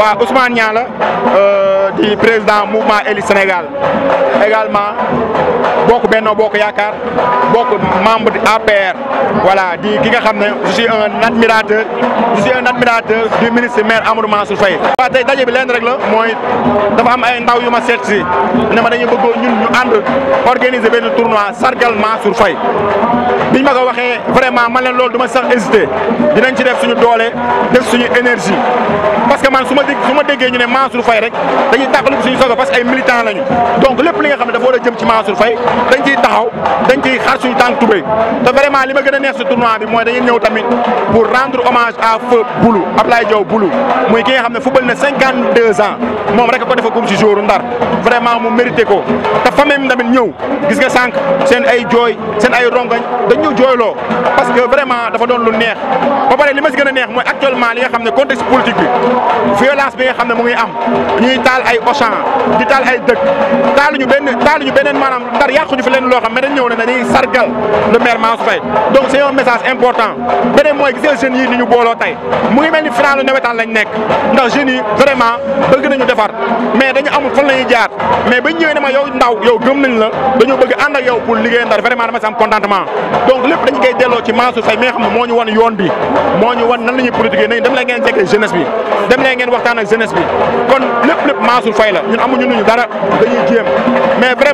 waaw Ousmane Niang la euh, di président mouvement Eli Sénégal également bokk Benno Bokk Yaakaar bokk membre APR voilà di ki nga xam ne je suis un admirateur je suis un admirateur du ministre maire Amadou Mansour Fay. waaw tey daje bi leen rek la mooy dafa am ay ndaw yu ma seet si ne ma dañu bëggoon ñun ñu ànd organiser benn tournoi sargal Mansour Fay. biñ ma ko vraiment man leen loolu du ma sax hésité dinañ ci def suñu doole def suñu énergie parce que man su ma dégg su ma ñu ne Mansour Fay. rek. dañuy tàqalu suñu soxla parce militant donc lépp li nga jëm ci Mansour Faye dañ ciy taxaw dañ ciy xar suñu tànk tubéy te vraiment lima gëna neex ci tournoi bi moy dañuy ñëw tamit pour rendre hommage à feu Boulou Ablaye Diaw Boulou muy ki nga xam football na 52 ans mom rek ko defa gum si jouru Ndar vraiment mu mérité ko te famille tamit ñëw gis nga sank seen ay joy seen ay rongañ dañ ñu jooyloo parce que vraiment dafa doon lu neex ba pare lima ci gëna neex moy actuellement li nga xam contexte politique bi violence bi nga xam ne mu ngi am ñuy taal ay Auchan di taal ay dëkk taaluñu ben taaluñu leneen maanaam ndar yàquñu fi leen loo xam mais dañ ñëw ne dañuy sargal le maire Mansour Faye donc c'est un message important beneen mooy gisee jeunes yi ñu booloo tey mu ngi mel ni finaalu nawetaan lañ nekk ndax jeunes vraiment bëgg nañu defar mais dañu amul fan la ñuy jaar mais bañ ñëwee ne ma yow ndaw yow gëm nañ la dañoo bëgg ànd ak yow pour liggéey ndar vraiment dama si am contentement donc lépp dañu koy delloo ci Mansour Faye mi xam ne moo ñu wan yoon bi moo ñu wan nan la ñuy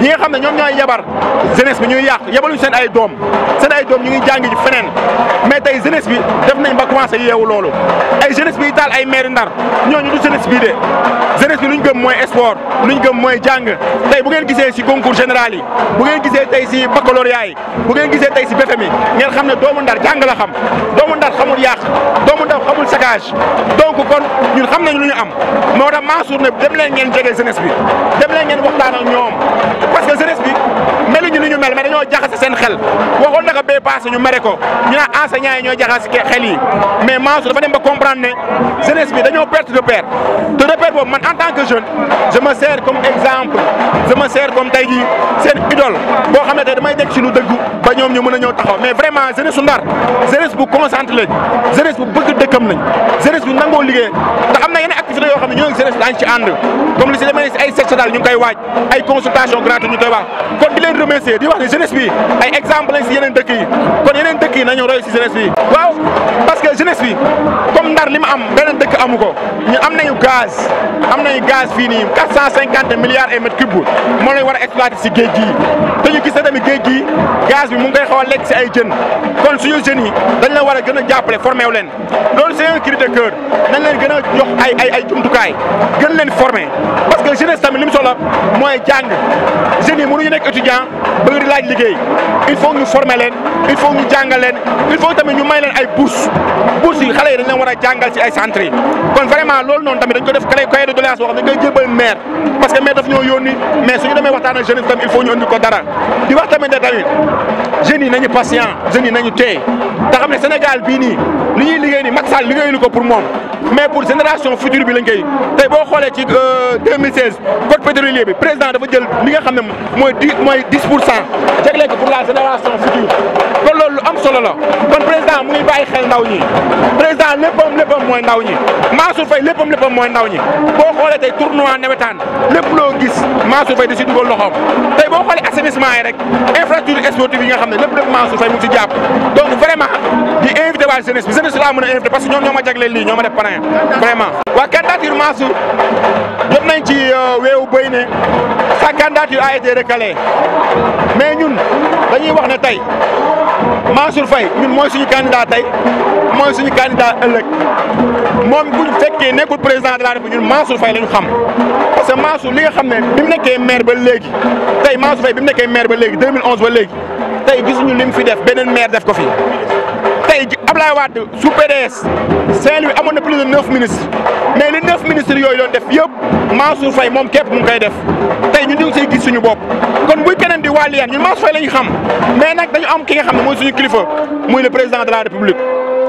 ñi nga xam ne ñoom ñooy yabar jeunesse bi ñuy yàq yabaluñ seen ay doom seen ay doom ñu ngi jàngi ji feneen mais tey jeunesse bi def nañ ba commencé yeewu loolu ay jeunesse bi taal ay maire ndar ñooñu du jeunesse bi de jeunesse bi luñ gëm mooy sport ñu gëm mooy jàng tey bu ngeen gise si concours général yi bu ngeen gisee tey si baccalauréat yi bu ngeen gisee tey si BFEM yi ngeen xam ne doomu ndar jàng la xam doomu ndar xamul yàq doomu ndar xamul saccage donc kon ñun xam nañ lu ñu am moo tax Mansour ne dem leen ngeen jege jeunesse bi dem leen ngeen waxtaan ak parce que jeunesse bi meluñu ni ñu mel mais dañoo jaxase seen xel waxoon naka bee passé ñu mere ko ñu na enseignant yi ñoo jaxase xel yi mais Mansour dafa dem ba comprendre né jeunesse bi dañoo perte de père te repère bob man en tant que jeune je me sers comme exemple je me sers comme tey jii seen idole bo xam ne damay nekk ci lu deug ba ñoom ñu mëna ñoo taxaw mais vraiment jeunesse Ndar jeunesse bu concentré lañ jeunesse bu bëgg dëkkam lañ jeunesse bu nangoo liggéey na yeneen activité yoo xam ne ñoo ngi jeunesse daañu ci ànd comme li si demee si ay sectoriel ñu ngi koy waaj ay consultation gratuite ñu koy wax kon di leen remercier di wax ne jeunesse bi ay exemple si yeneen dëkk yi kon yeneen dëkk yi nañu roy si jeunesse bi waaw parce que jeunesse bi comme ndar li mu am beneen dëkk amu ko ñun am nañu gaz am nañu gaz fii nii 450 milliards et mètres cubes moo lay war a si géej gi te ñu gis na tamit géej gii gaz bi mu ngi koy xaw a lekk si ay jën kon suñu jeunes yi dañ la war gën a jàppale formé wu leen loolu c'est un cri de cœur nañ gën a ay former parce que jeunesse tamit li mu la jeunes étudiant bëgg di il faut ñu former il faut ñu nous ils il faut nous ñu may leen ay bourse bourse dans centres vraiment c'est dañ ko def parce que nous daf ñoo yónni mais si vous waxtaan ak jeunesse il faut ñu indi ko dara di wax ne jeunes nañu patient jeunes nañu Sénégal bii nii ñuy liggéey pour moi mais pour la génération future bi lañ koy en 2016, le 2016 code pétrolier président de jël li nga 10% pour la génération future solo la kon président mu ngi bàyyi xel ndaw ñi président leppam leppam moy ndaw ñi masou fay leppam leppam moy ndaw ñi bo xolé tay tournoi nawetaan lepp lo gis masou fay di ci dugal loxoom tay bo xolé assainissement yi rek infrastructure sportive yi nga xamne lepp lepp masou fay mu ci japp donc vraiment di inviter wa jeunesse bi jeunesse la mëna inviter parce que ñom ñoma ma li ñoma def parrain vraiment wa candidature masou jot nañ ci euh, weewu béy sa candidature a été recalé mais ñun dañuy wax ne tay Mansour Faye ñun mooy suñu candidat tey mooy suñu candidat ëllëg moom bu fekkee nekkul président de la République ñun Mansour Faye lañu xam parce que li nga xam ne bi mu nekkee maire ba léegi tey Mansour Faye bi nekkee mair ba léegi 2011 ba léegi tey gisuñu li mu fi def beneen maire def ko fi. tey Ablaye Wade su PDS Saint-Louis amoon na plus de neuf ministres mais li neuf ministres yooyu doon def yëpp Mansour Faye moom képp mu ngi koy def tey ñun ñu ngi siy gis suñu bopp kon buy waa Liyane ñun Mansour Faye xam mais nag dañu am ki nga xam ne mooy suñu le président de la république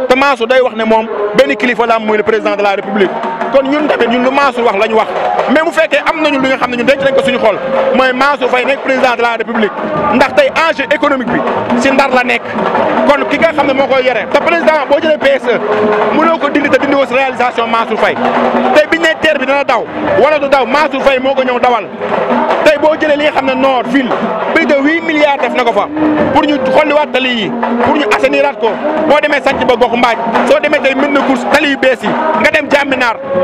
te Mansour day wax ne moom benn kilifa la am le président de la république kon ñun tamit ñun lu Mansour wax lañu wax mais mu féké am nañu lu nga xamné ñun denc lañ ko suñu xol moy Mansour Faye nek président de la république ndax tay enjeu économique bi ci ndar la nek kon ki nga xamné ne moo koy yore te président boo jëlee PSE mënoo ko dindi té dindi woo réalisation Mansour Faye té biñ né terre bi dana daw wala du daw Mansour Faye moko ko ñëw dawal té bo jëlé li nga xamné ne nord ville plus de 8 milliards def na fa pour ñu xolli xolliwaat tali yi pour ñu assainiraat ko bo démé sànc ba gox mbaaj so démé tey mën course tali yi bési nga dem jaminar